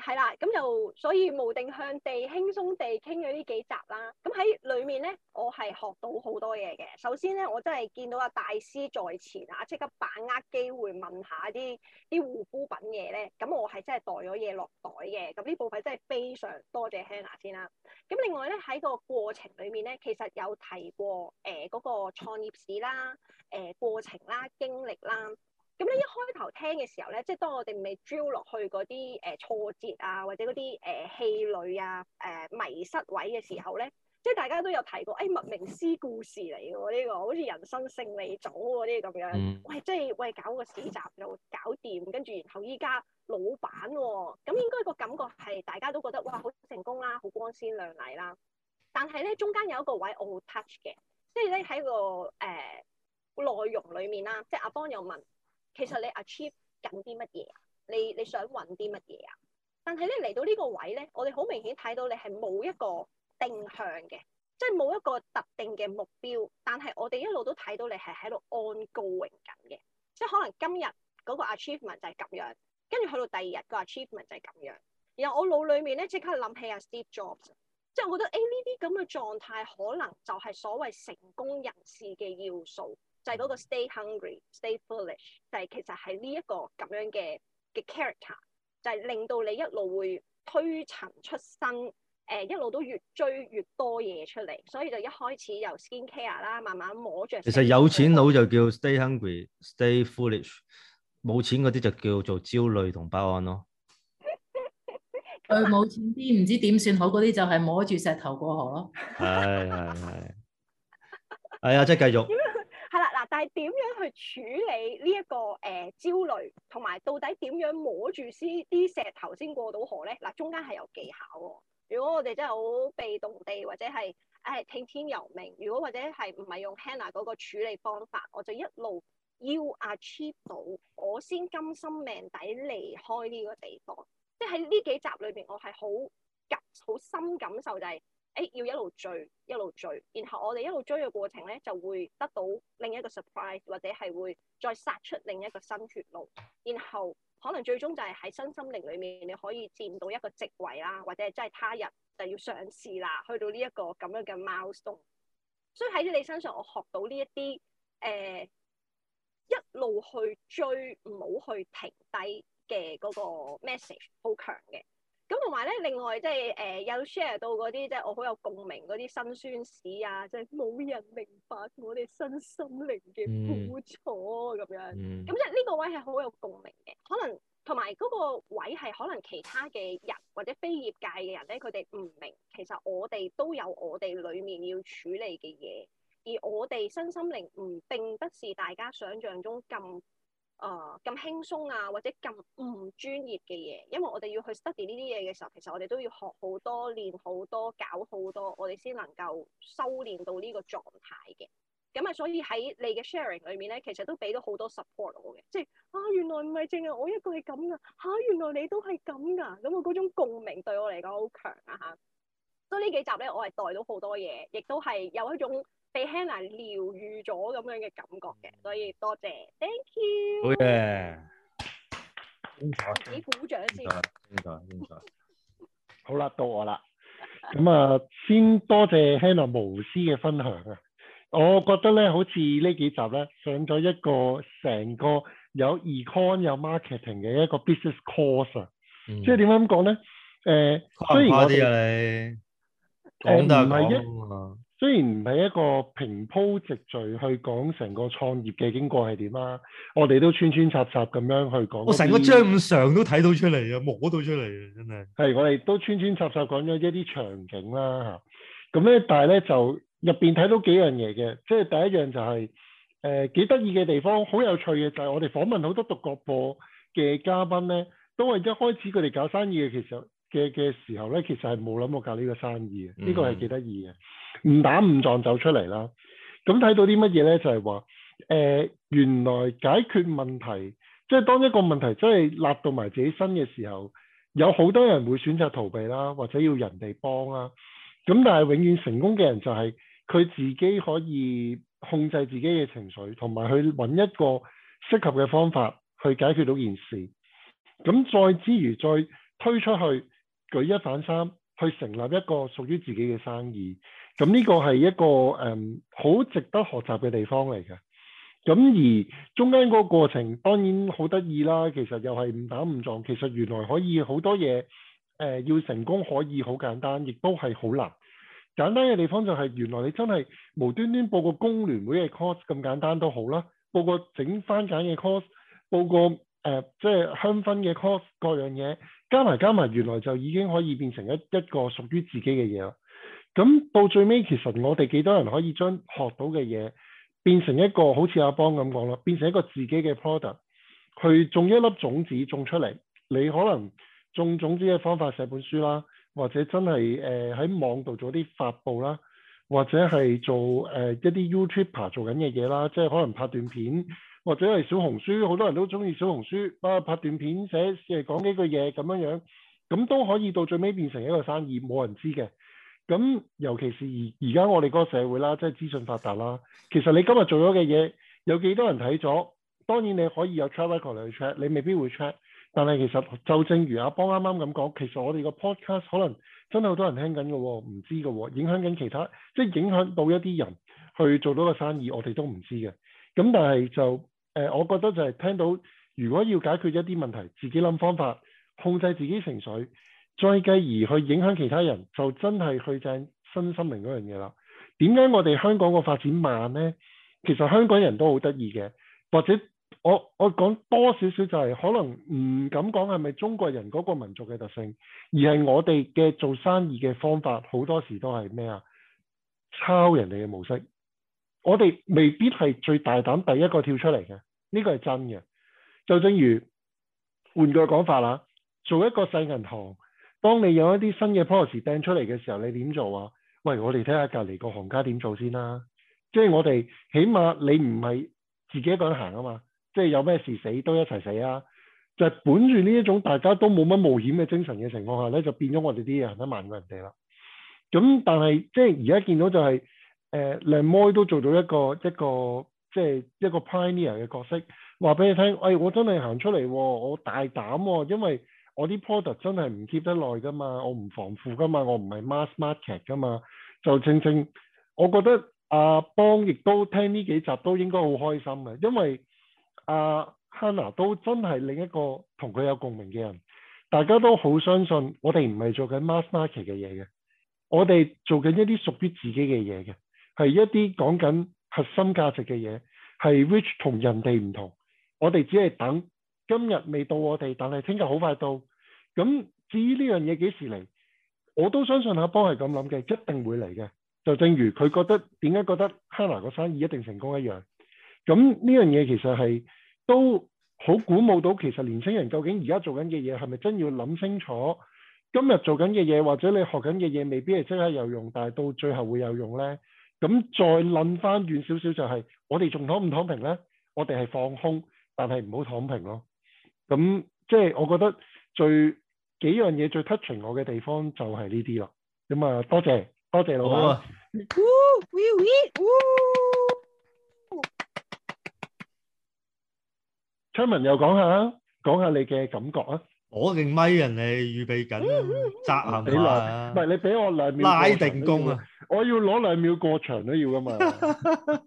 係啦，咁就所以無定向地輕鬆地傾咗呢幾集啦。咁喺裡面咧，我係學到好多嘢嘅。首先咧，我真係見到阿大師在前啊，即刻把握機會問下啲啲護膚品嘢咧。咁我係真係袋咗嘢落袋嘅。咁呢部分真係非常多謝 Hana 先啦。咁另外咧喺個過程裡面咧，其實有提過誒嗰、呃那個創業史啦、誒、呃、過程啦、經歷啦。咁咧，一開頭聽嘅時候咧，即係當我哋未追落去嗰啲誒挫折啊，或者嗰啲誒氣餒啊、誒、呃、迷失位嘅時候咧，即係大家都有提過，誒、哎、物命師故事嚟嘅喎呢個，好似人生勝利組嗰啲咁樣、嗯喂。喂，即係喂搞個市集就，又搞掂，跟住然後依家老闆喎、哦，咁應該個感覺係大家都覺得哇好成功啦，好光鮮亮麗啦。但係咧，中間有一個位我好 touch 嘅，即係咧喺個誒、呃、內容裡面啦，即係阿邦有問。其實你 achieve 緊啲乜嘢啊？你你想揾啲乜嘢啊？但係咧嚟到呢個位咧，我哋好明顯睇到你係冇一個定向嘅，即係冇一個特定嘅目標。但係我哋一路都睇到你係喺度 on-going 緊嘅，即係可能今日嗰個 achievement 就係咁樣，跟住去到第二日個 achievement 就係咁樣。然後我腦裏面咧，即刻諗起阿 Steve Jobs，即係我覺得誒呢啲咁嘅狀態可能就係所謂成功人士嘅要素。就係嗰個 stay hungry, stay foolish，就係其實係呢一個咁樣嘅嘅 character，就係令到你一路會推陳出新，誒、呃、一路都越追越多嘢出嚟，所以就一開始由 skin care 啦，慢慢摸着。其實有錢佬就叫 stay hungry, stay foolish，冇錢嗰啲就叫做焦慮同不安咯。誒冇、欸、錢啲唔知點算好嗰啲就係摸住石頭過河咯。係係係。係、哎、啊、哎哎，即係繼續。係點樣去處理呢、這、一個誒、呃、焦慮，同埋到底點樣摸住先啲石頭先過到河咧？嗱，中間係有技巧喎。如果我哋真係好被動地，或者係誒聽天由命，如果或者係唔係用 Hana 嗰個處理方法，我就一路要 achieve 到我先甘心命抵離開呢個地方。即係喺呢幾集裏邊，我係好感好深感受就係、是。誒、欸、要一路追，一路追，然後我哋一路追嘅過程咧，就會得到另一個 surprise，或者係會再殺出另一個新血路，然後可能最終就係喺新心靈裡面你可以佔到一個地位啦，或者係真係他日就要上市啦，去到呢、這、一個咁樣嘅 milestone。所以喺你身上，我學到呢一啲誒一路去追，唔好去停低嘅嗰個 message，好強嘅。咁同埋咧，另外即係誒有 share 到嗰啲即係我好有共鳴嗰啲辛酸史啊，即係冇人明白我哋身心靈嘅苦楚咁樣。咁即係呢個位係好有共鳴嘅，可能同埋嗰個位係可能其他嘅人或者非業界嘅人咧，佢哋唔明其實我哋都有我哋裡面要處理嘅嘢，而我哋身心靈唔並不是大家想像中咁誒咁、uh, 輕鬆啊，或者咁唔專業嘅嘢，因為我哋要去 study 呢啲嘢嘅時候，其實我哋都要學好多、練好多、搞好多，我哋先能夠修煉到呢個狀態嘅。咁啊，所以喺你嘅 sharing 裏面咧，其實都俾到好多 support 我嘅，即係啊，原來唔係淨係我一個係咁噶，嚇、啊，原來你都係咁噶，咁啊嗰種共鳴對我嚟講好強啊吓，所以呢幾集咧，我係代到好多嘢，亦都係有一種。被 Hana 療愈咗咁樣嘅感覺嘅，所以多謝，thank you 好。好嘅，精彩。鼓掌先。好啦，到我啦。咁啊， 先多謝 Hana 無私嘅分享啊。我覺得咧，好似呢幾集咧，上咗一個成個有 Econ 有 marketing 嘅一個 business course 啊。嗯。即係點樣講咧？誒，雖然我哋誒但係一。雖然唔係一個平鋪直敘去講成個創業嘅經過係點啦，我哋都穿穿插插咁樣去講。我成個張相都睇到出嚟啊，摸到出嚟啊，真係。係我哋都穿穿插插講咗一啲場景啦吓，咁咧，但係咧就入邊睇到幾樣嘢嘅，即係第一樣就係誒幾得意嘅地方，好有趣嘅就係我哋訪問好多獨角播嘅嘉賓咧，都係一開始佢哋搞生意嘅，其實嘅嘅時候咧，其實係冇諗過搞呢個生意嘅，呢個係幾得意嘅。誤打誤撞走出嚟啦，咁睇到啲乜嘢咧？就係、是、話，誒、呃、原來解決問題，即係當一個問題真係立到埋自己身嘅時候，有好多人會選擇逃避啦，或者要人哋幫啦。咁但係永遠成功嘅人就係佢自己可以控制自己嘅情緒，同埋去揾一個適合嘅方法去解決到件事。咁再之餘再推出去，舉一反三，去成立一個屬於自己嘅生意。咁呢個係一個誒好、嗯、值得學習嘅地方嚟嘅。咁而中間嗰個過程當然好得意啦，其實又係誤打誤撞。其實原來可以好多嘢誒、呃、要成功，可以好簡單，亦都係好難。簡單嘅地方就係原來你真係無端端報個工聯會嘅 course 咁簡單都好啦，報個整番梘嘅 course，報個誒即係香薰嘅 course，各樣嘢加埋加埋，原來就已經可以變成一一個屬於自己嘅嘢啦。咁到最尾，其實我哋幾多人可以將學到嘅嘢變成一個好似阿邦咁講啦，變成一個自己嘅 product，去種一粒種子種出嚟。你可能種種子嘅方法寫本書啦，或者真係誒喺網度做啲發布啦，或者係做誒、呃、一啲 YouTuber 做緊嘅嘢啦，即係可能拍段片，或者係小紅書，好多人都中意小紅書，啊，拍段片寫誒講幾句嘢咁樣樣，咁都可以到最尾變成一個生意，冇人知嘅。咁尤其是而而家我哋個社會啦，即係資訊發達啦。其實你今日做咗嘅嘢，有幾多人睇咗？當然你可以有 Twitter 嗰度去 check，你未必會 check。但係其實就正如阿邦啱啱咁講，其實我哋個 podcast 可能真係好多人聽緊嘅喎，唔知嘅喎，影響緊其他，即係影響到一啲人去做到個生意，我哋都唔知嘅。咁但係就誒我覺得就係聽到，如果要解決一啲問題，自己諗方法，控制自己情緒。再繼而去影響其他人，就真係去正新生命嗰樣嘢啦。點解我哋香港個發展慢呢？其實香港人都好得意嘅，或者我我講多少少就係、是、可能唔敢講係咪中國人嗰個民族嘅特性，而係我哋嘅做生意嘅方法好多時都係咩啊？抄人哋嘅模式，我哋未必係最大膽第一個跳出嚟嘅，呢個係真嘅。就正如換句講法啦，做一個細銀行。當你有一啲新嘅 policy 掟出嚟嘅時候，你點做啊？喂，我哋睇下隔離個行家點做先啦、啊。即係我哋起碼你唔係自己一個人行啊嘛。即係有咩事死都一齊死啊！就係、是、本住呢一種大家都冇乜冒險嘅精神嘅情況下咧，就變咗我哋啲嘢行得慢過人哋啦。咁但係即係而家見到就係誒 LEMOI 都做到一個一個即係一個，個 pioneer 嘅角色，話俾你聽。誒、哎、我真係行出嚟喎、啊，我大膽喎、啊，因為。我啲 product 真係唔 keep 得耐㗎嘛，我唔防腐㗎嘛，我唔係 mass market 㗎嘛，就正正，我覺得阿邦亦都聽呢幾集都應該好開心嘅，因為阿 Hana 都真係另一個同佢有共鳴嘅人，大家都好相信我哋唔係做緊 mass market 嘅嘢嘅，我哋做緊一啲屬於自己嘅嘢嘅，係一啲講緊核心價值嘅嘢，係 which 同人哋唔同，我哋只係等。今日未到我哋，但係聽日好快到。咁至於呢樣嘢幾時嚟，我都相信阿波係咁諗嘅，一定會嚟嘅。就正如佢覺得點解覺得 Hana 個生意一定成功一樣。咁呢樣嘢其實係都好鼓舞到，其實年青人究竟而家做緊嘅嘢係咪真要諗清楚？今日做緊嘅嘢或者你學緊嘅嘢未必係即刻有用，但係到最後會有用呢。咁再諗翻遠少少就係，我哋仲躺唔躺平呢？我哋係放空，但係唔好躺平咯。咁即係，我覺得最幾樣嘢最 touching 我嘅地方就係呢啲咯。咁啊，多謝多謝老闆。Woo, we, we, woo. 春文又講下，講下你嘅感覺啊！我定咪人哋，你預備緊扎係咪啊？唔係，你俾我兩秒拉定功啊！我要攞兩秒過場都要噶嘛～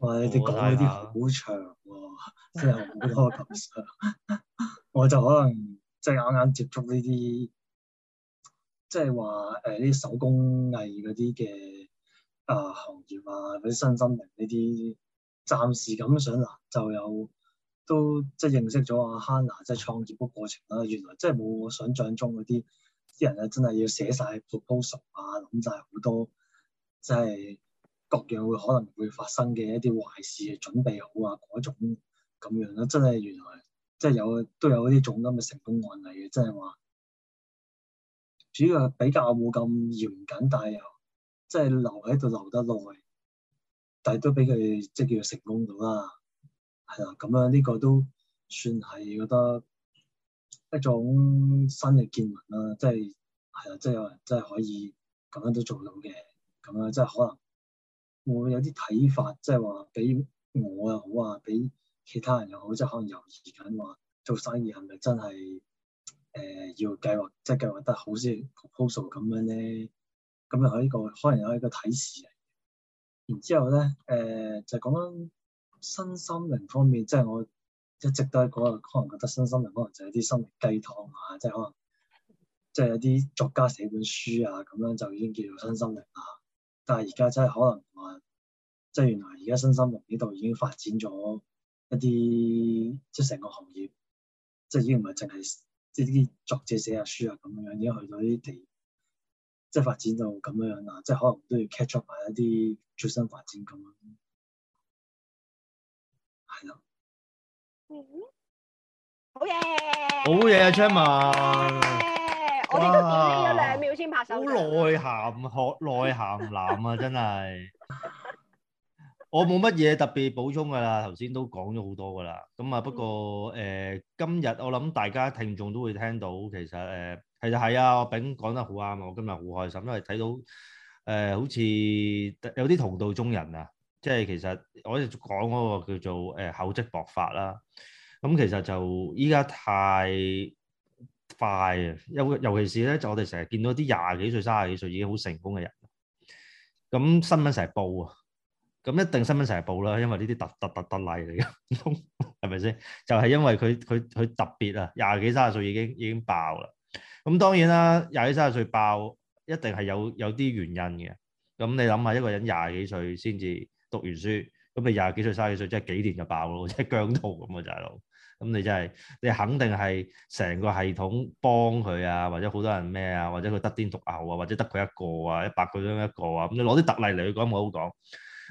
哇！你哋講嗰啲好長喎，啊， 真係好多 proposal 我就可能即係啱啱接觸呢啲，即係話呢啲手工藝嗰啲嘅啊行業啊，嗰啲身心靈呢啲，暫時咁想嗱就有都即係認識咗阿 Hana 即係創業嘅過程啦，啊。原來即係冇我想象中嗰啲啲人咧，真係要寫晒 proposal 啊，諗晒好多，即係～各樣會可能會發生嘅一啲壞事，準備好啊！嗰種咁樣咧，真係原來即係有都有一啲種咁嘅成功案例嘅，真係話主要係比較冇咁嚴謹，但係又即係留喺度留得耐，但係都俾佢即係叫成功到啦。係啦，咁樣呢個都算係覺得一種新嘅見聞啦。即係係啦，即係有人真係可以咁樣都做到嘅，咁樣即係可能。我有啲睇法，即係話俾我又好啊，俾其他人又好，即係可能猶豫緊話做生意係咪真係誒、呃、要計劃，即係計劃得好似 proposal 咁樣咧？咁又喺個可能有一個睇示嚟。然之後咧，誒、呃、就講緊身心靈方面，即係我一直都喺講啊，可能覺得身心靈可能就係啲心靈雞湯啊，即係可能即係有啲作家寫本書啊，咁樣就已經叫做身心靈啊。但係而家真係可能話、啊，即係原來而家新生活呢度已經發展咗一啲，即係成個行業，即係已經唔係淨係即係啲作者寫下、啊、書啊咁樣，已經去到呢啲地，即係發展到咁樣啦、啊。即係可能都要 catch up 埋一啲最新發展咁啊。係咯。好嘢！好嘢啊 Cham 啊！我哋都見到有兩秒先拍手，好內涵，學 內涵男啊，真係。 我冇乜嘢特別補充㗎喇，頭先都講咗好多㗎喇。咁啊，不過誒、嗯呃，今日我諗大家聽眾都會聽到，其實誒、呃，其實係啊，炳講得好啱啊，我，我今日好開心，因為睇到誒、呃，好似有啲同道中人啊，即係其實我講嗰個叫做誒厚積薄發啦。咁其實就依家太～快啊！尤尤其是咧，就我哋成日見到啲廿幾歲、三十幾歲已經好成功嘅人，咁新聞成日報啊，咁一定新聞成日報啦、啊，因為呢啲特特特特例嚟嘅，唔係咪先？就係、是、因為佢佢佢特別啊，廿幾三十歲已經已經爆啦。咁當然啦、啊，廿幾三十歲爆，一定係有有啲原因嘅。咁你諗下，一個人廿幾歲先至讀完書，咁你廿幾歲三十幾歲，即係幾年就爆咯，即係姜濤咁啊，就係、是、咯。咁你就係、是，你肯定係成個系統幫佢啊，或者好多人咩啊，或者佢得天獨厚啊，或者得佢一個啊，一百個中一個啊，咁你攞啲特例嚟去講冇好講。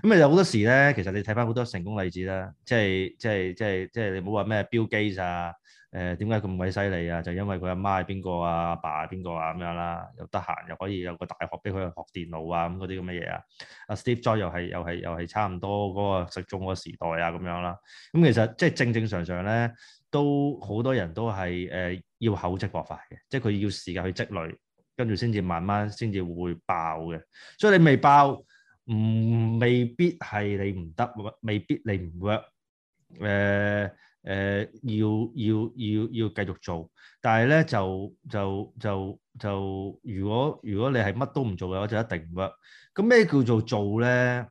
咁啊有好多時咧，其實你睇翻好多成功例子啦，即係即係即係即係你冇話咩標機咋。誒點解咁鬼犀利啊？就因為佢阿媽係邊個啊？阿爸係邊個啊？咁樣啦、啊，又得閒又可以有個大學俾佢學電腦啊，咁嗰啲咁嘅嘢啊。阿、啊、Steve Jobs 又係又係又係差唔多嗰個實中嗰時代啊，咁樣啦、啊。咁、嗯、其實即係、就是、正正常常咧，都好多人都係誒、呃、要厚積薄發嘅，即係佢要時間去積累，跟住先至慢慢先至會爆嘅。所以你未爆，唔、嗯、未必係你唔得，未必你唔 work。誒、呃。誒、呃、要要要要繼續做，但係咧就就就就如果如果你係乜都唔做嘅話，就一定唔得。咁咩叫做做咧？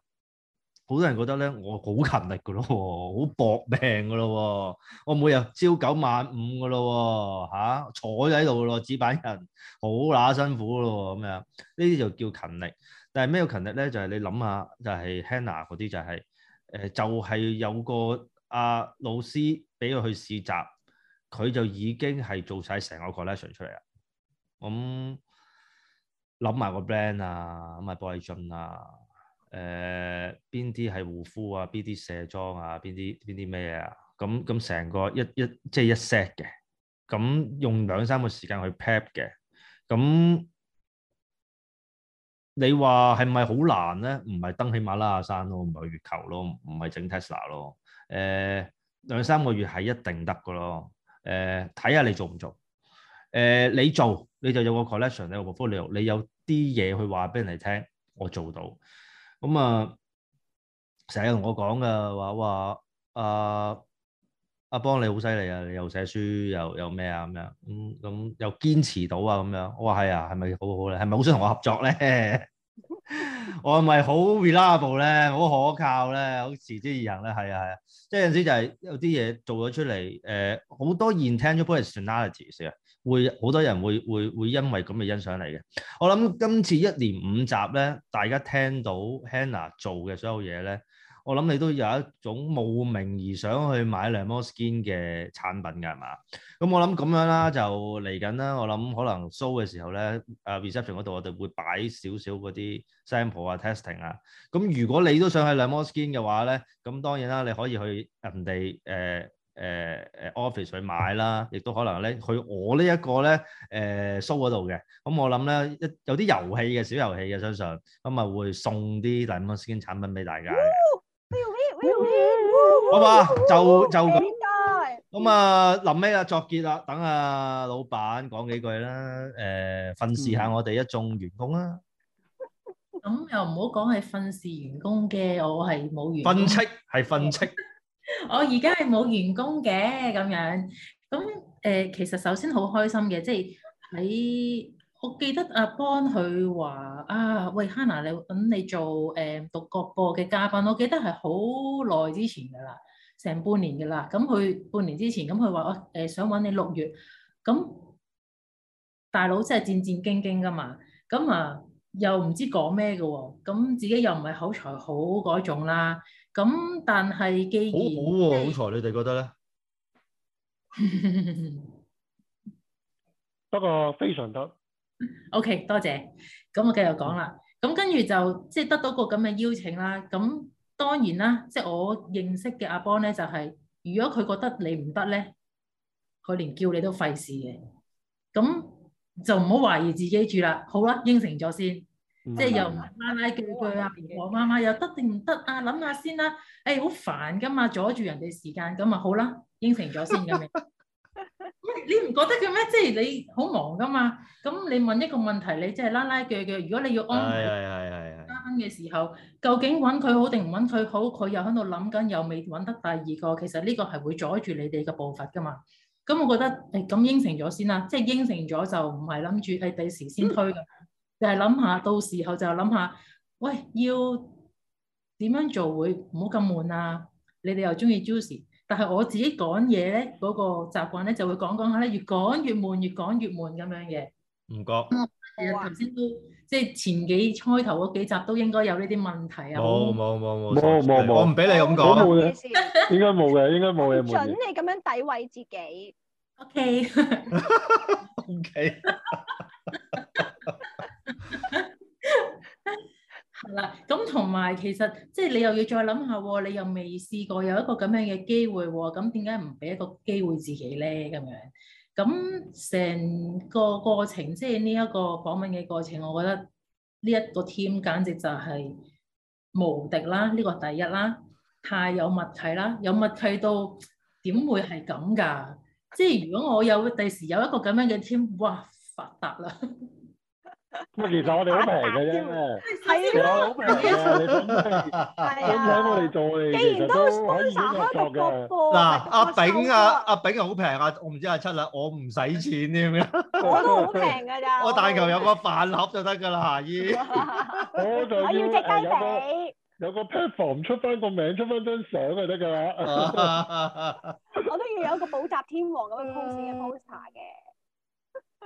好多人覺得咧，我好勤力嘅咯、哦，好搏命嘅咯、哦，我每日朝九晚五嘅咯、哦，嚇、啊、坐喺度嘅咯，紙板人好乸辛苦嘅咯、哦，咁樣呢啲就叫勤力。但係咩叫勤力咧？就係、是、你諗下，就係、是、Hana 嗰啲、就是呃，就係誒就係有個。阿、啊、老師俾佢去試習，佢就已經係做晒成個 collection 出嚟啦。咁諗埋個 brand 啊，咁埋 boy 俊啊，誒邊啲係護膚啊，邊啲卸妝啊，邊啲邊啲咩啊？咁咁成個一一即係、就是、一 set 嘅，咁、嗯、用兩三個時間去 pad 嘅，咁、嗯、你話係咪好難咧？唔係登喜馬拉雅山咯、啊，唔係去月球咯、啊，唔係整 Tesla 咯、啊。誒，兩三、uh, 個月係一定得噶咯。誒，睇下你做唔做。誒、uh,，你做你就有個 collection，你有個 portfolio，你有啲嘢去話俾人哋聽，我做到。咁、uh, 啊，成日同我講噶，話話阿阿邦你好犀利啊，你又寫書又又咩啊咁樣，咁咁、啊嗯嗯、又堅持到啊咁樣。我話係啊，係咪好好咧？係咪好想同我合作咧？ 我咪好 reliable 咧，好可靠咧，好持之以恆咧，係啊係啊，即係有陣時就係有啲嘢做咗出嚟，誒、呃，好多 intentionality 嘅，會好多人會多人會會，會因為咁嘅欣賞嚟嘅。我諗今次一連五集咧，大家聽到 Hannah 做嘅所有嘢咧。我諗你都有一種慕名而想去買 LEMOI skin 嘅產品㗎，係嘛？咁我諗咁樣啦，就嚟緊啦。我諗可能 show 嘅時候咧，誒、啊、reception 嗰度我哋會擺少少嗰啲 sample 啊、testing 啊。咁如果你都想去 LEMOI skin 嘅話咧，咁當然啦，你可以去人哋誒誒誒 office 去買啦，亦都可能咧去我呢一個咧誒 show 嗰度嘅。咁我諗咧有啲遊戲嘅小遊戲嘅，相信咁咪會送啲 LEMOI skin 產品俾大家。 好嘛，就就咁，咁啊，臨尾啊，作結啦，等阿老闆講幾句啦，誒、呃，訓示下我哋一眾員工啦。咁又唔好講係訓示員工嘅，我係冇員工，訓斥，係訓斥。 我而家係冇員工嘅，咁樣，咁、嗯、誒、呃，其實首先好開心嘅，即係喺。我記得阿邦佢話啊，喂，Hana，你揾你做誒獨角播嘅嘉賓，我記得係好耐之前噶啦，成半年噶啦。咁佢半年之前，咁佢話我誒想揾你六月，咁、嗯、大佬真係戰戰兢兢噶嘛。咁、嗯、啊，又唔知講咩嘅喎。咁、嗯、自己又唔係口才好嗰種啦。咁、嗯、但係既然好好喎，口才你哋覺得咧？不 過 非常得。O.K.，多謝，咁我繼續講啦。咁跟住就即係得到個咁嘅邀請啦。咁當然啦，即係我認識嘅阿邦咧，就係如果佢覺得你唔得咧，佢連叫你都費事嘅。咁就唔好懷疑自己住啦。好啦，應承咗先，即係又拉拉叫叫啊，我媽媽又得定唔得啊？諗下先啦。誒，好煩噶嘛，阻住人哋時間咁啊。好啦，應承咗先咁。你唔覺得嘅咩？即係你好忙噶嘛？咁你問一個問題，你即係拉拉鋸鋸。如果你要安排翻嘅時，時候，究竟揾佢好定唔揾佢好？佢又喺度諗緊，又未揾得第二個。其實呢個係會阻住你哋嘅步伐噶嘛。咁我覺得誒，咁、哎、應承咗先啦。即係應承咗就唔係諗住誒第時先推㗎，嗯、就係諗下到時候就諗下，喂要點樣做會唔好咁悶啊？你哋又中意 Juicy。但係我自己講嘢咧，嗰個習慣咧就會講講下咧，越講越悶，越講越悶咁樣嘅。唔覺。其實頭先都即係前幾開頭嗰幾集都應該有呢啲問題啊。冇冇冇冇冇冇，我唔俾你咁講。應該冇嘅，應該冇嘅。 唔准你咁樣詆毀自己。O K。O K。係啦，咁同埋其實即係你又要再諗下喎、哦，你又未試過有一個咁樣嘅機會喎，咁點解唔俾一個機會自己咧？咁樣咁成、嗯、個過程，即係呢一個訪問嘅過程，我覺得呢一個 team 簡直就係無敵啦，呢、這個第一啦，太有默契啦，有默契到點會係咁㗎？即係如果我有第時有一個咁樣嘅 team，哇，發達啦！咁其實我哋好平嘅啫，係咯，好平嘅，都請我哋做嘅。既然都 poster 嗱，阿炳啊，阿炳係好平啊，我唔知阿七啦，我唔使錢添嘅，我都好平噶咋。我大球有個飯盒就得噶啦，姨，我就要有個有個 platform 出翻個名，出翻張相就得噶啦。我都要有個補習天王咁嘅 poster 嘅。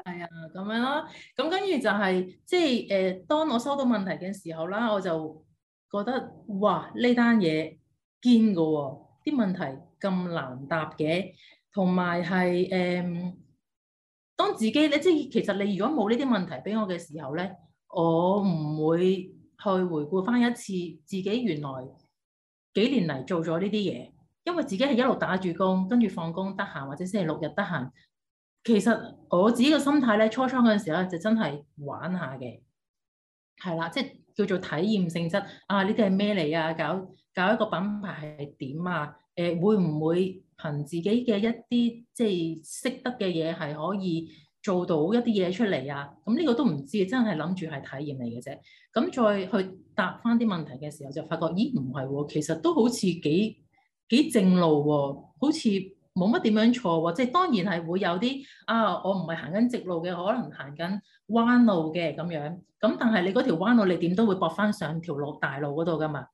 係啊，咁樣啦，咁跟住就係、是、即係誒、呃，當我收到問題嘅時候啦，我就覺得哇，呢單嘢堅噶喎，啲問題咁難答嘅，同埋係誒，當自己咧，即係其實你如果冇呢啲問題俾我嘅時候咧，我唔會去回顧返一次自己原來幾年嚟做咗呢啲嘢，因為自己係一路打住工，跟住放工得閒或者星期六日得閒。其實我自己嘅心態咧，初初嗰陣時候咧就真係玩下嘅，係啦，即係叫做體驗性質啊！你哋係咩嚟啊？搞搞一個品牌係點啊？誒、呃，會唔會憑自己嘅一啲即係識得嘅嘢係可以做到一啲嘢出嚟啊？咁、嗯、呢、呢個都唔知，真係諗住係體驗嚟嘅啫。咁、嗯、再去答翻啲問題嘅時候，就發覺咦唔係喎，其實都好似幾幾正路喎，好似～冇乜點樣錯喎，即係當然係會有啲啊，我唔係行緊直路嘅，可能行緊彎路嘅咁樣，咁但係你嗰條彎路你點都會駁翻上條路大路嗰度㗎嘛，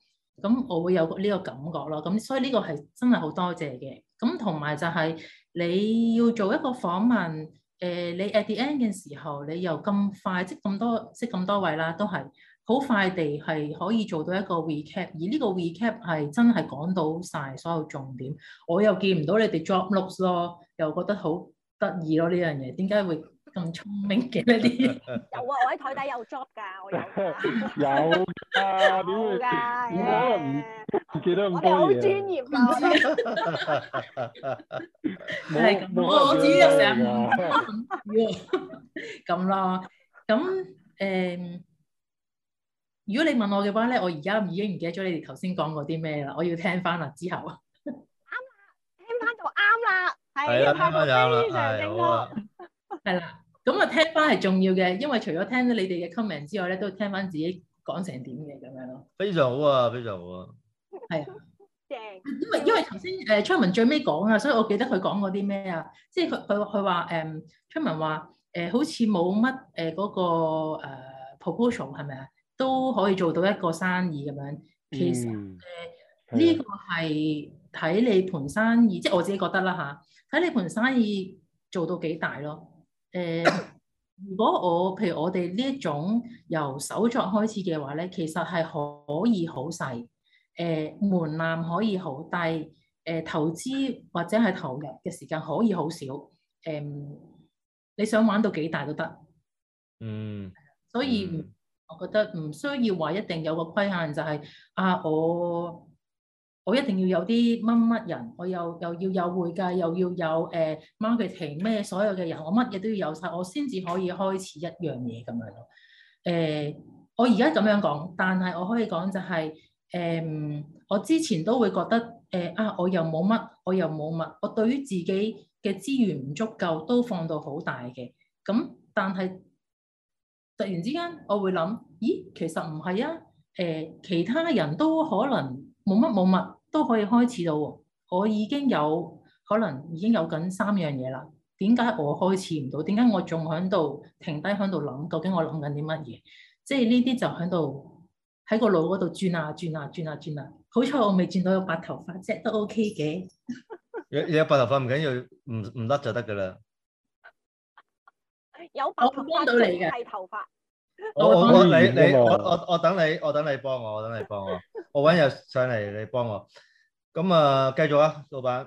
咁我會有呢個感覺咯，咁所以呢個係真係好多謝嘅，咁同埋就係、是、你要做一個訪問，誒、呃、你 at the end 嘅時候你又咁快，即係咁多，即係咁多位啦，都係。好快地係可以做到一個 recap，而呢個 recap 係真係講到晒所有重點。我又見唔到你哋 job looks 咯，又覺得好得意咯呢樣嘢。點解會咁聰明嘅呢啲？有啊，我喺台底有 job 㗎，我有。有啊？點解？我唔記得唔。我哋好專業啊！係我我知啊，成咁咯，咁誒。如果你問我嘅話咧，我而家已經唔記得咗你哋頭先講過啲咩啦，我要聽翻啦之後。啱 啦， 聽翻就啱啦，係啊對，對聽翻非常係啦，咁啊聽翻係重要嘅，因為除咗聽到你哋嘅 comment 之外咧，都聽翻自己講成點嘅咁樣咯。非常好啊，非常好啊。係啊，正。 因為因為頭先誒春文最尾講啊，所以我記得佢講過啲咩啊，即係佢佢佢話誒春文話誒、呃、好似冇乜誒嗰個 proposal 係咪啊？是都可以做到一個生意咁樣，其實誒呢、嗯呃、個係睇你盤生意，的即係我自己覺得啦嚇，睇你盤生意做到幾大咯。誒、呃，如果我譬如我哋呢一種由手作開始嘅話咧，其實係可以好細，誒、呃、門檻可以好低，誒、呃、投資或者係投入嘅時間可以好少，誒、呃、你想玩到幾大都得。嗯，所以。嗯我覺得唔需要話一定有個規限、就是，就係啊我我一定要有啲乜乜人，我又又要有會計，又要有誒 marketing 咩所有嘅人，我乜嘢都要有晒。我先至可以開始一樣嘢咁樣咯。誒、呃，我而家咁樣講，但係我可以講就係、是、誒、呃，我之前都會覺得誒、呃、啊，我又冇乜，我又冇乜，我對於自己嘅資源唔足夠，都放到好大嘅。咁但係。突然之間，我會諗，咦，其實唔係啊，誒、呃，其他人都可能冇乜冇乜都可以開始到，哦。我已經有可能已經有緊三樣嘢啦。點解我開始唔到？點解我仲喺度停低喺度諗？究竟我諗緊啲乜嘢？即係呢啲就喺度喺個腦嗰度轉啊轉啊轉啊轉啊。轉啊轉啊轉啊轉啊，好彩我未轉到有白頭髮啫，都 OK 嘅。 有有白頭髮唔緊要，唔唔甩就得㗎啦。有辦法幫到你嘅係頭髮。我我你你我我我等你，我等你幫我，我等你幫我。我揾日上嚟，你幫我。咁啊，繼續啊，老闆。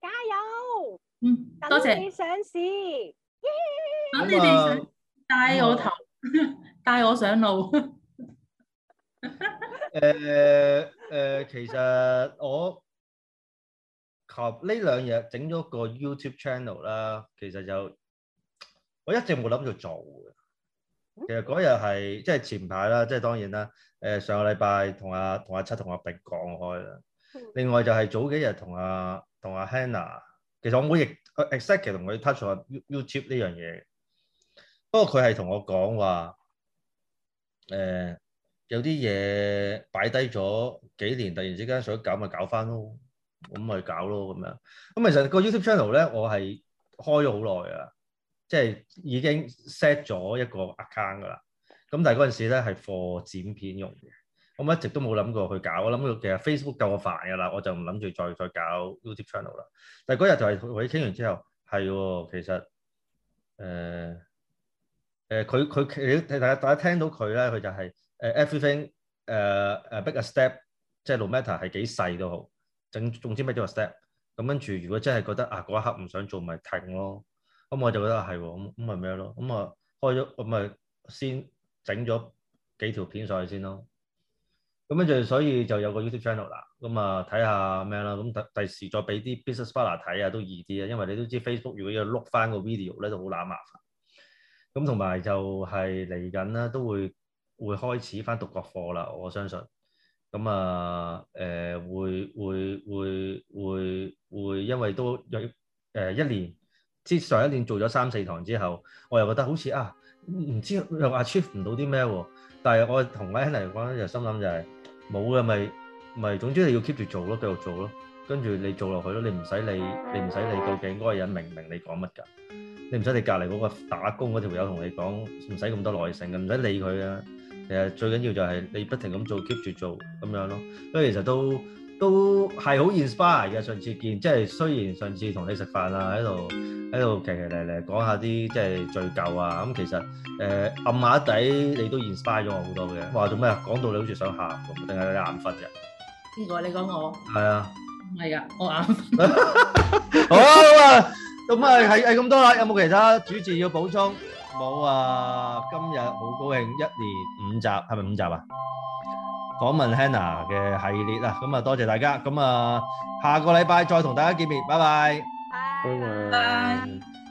加油！嗯，多謝你上市。咁你哋帶我頭，帶我上路。誒誒，其實我及呢兩日整咗個 YouTube channel 啦，其實就。我一直冇諗住做嘅，其實嗰日係即係前排啦，即係當然啦。誒、呃、上個禮拜同阿同阿七同阿平講開啦。另外就係早幾日同阿同阿 Hana 其實我冇 exactly 同佢 touch on YouTube 呢樣嘢。不過佢係同我講話誒，有啲嘢擺低咗幾年，突然之間想搞咪搞翻咯，咁咪搞咯咁樣。咁其實個 YouTube channel 咧，我係開咗好耐嘅。即係已經 set 咗一個 account 噶啦，咁但係嗰陣時咧係做剪片用嘅，我一直都冇諗過去搞，我諗到其實 Facebook 夠我煩噶啦，我就唔諗住再再搞 YouTube channel 啦。但係嗰日就係同佢傾完之後，係，其實誒誒佢佢其實大家大家聽到佢咧，佢就係、是、誒、呃、everything 誒誒 big a step，即係 no matter 係幾細都好，整總之乜都話 step。咁跟住如果真係覺得啊嗰一刻唔想做咪停咯。咁我就覺得係喎，咁咁咪咩咯？咁啊開咗咁咪先整咗幾條片上去先咯。咁跟住，所以就有個 YouTube channel 啦。咁啊睇下咩啦。咁第時再俾啲 business partner 睇下都易啲啊，因為你都知 Facebook 如果要碌翻個 video 咧就好難麻煩。咁同埋就係嚟緊咧都會會開始翻讀國課啦，我相信。咁啊誒會會會會會因為都誒、呃、一年。接上一年做咗三四堂之後，我又覺得好似啊，唔知又 Achieve 唔到啲咩喎？但係我同我兄弟講咧，就心諗就係冇嘅咪咪，總之你要 keep 住做咯，繼續做咯，跟住你做落去咯，你唔使理，你唔使理，究竟嗰個人明唔明你講乜㗎？你唔使你隔籬嗰個打工嗰條友同你講，唔使咁多耐性嘅，唔使理佢呀。其實最緊要就係你不停咁做，keep 住做咁樣咯。因為其實都。都係好 inspire 嘅，上次見，即係雖然上次同你食飯啊，喺度喺度騎騎嚟嚟講下啲即係罪疚啊，咁其實誒暗下底你都 inspire 咗我好多嘅。話做咩啊？講到你好似想喊，定係你眼瞓啫？邊個？你講我？係啊。係啊，我眼瞓。好啊，咁啊，係係咁多啦，有冇其他主持要補充？冇啊，今日好高興，一年五集，係咪五集啊？訪問 Hana 嘅系列啊，咁啊多謝大家，咁啊下個禮拜再同大家見面，拜拜。拜 Bye。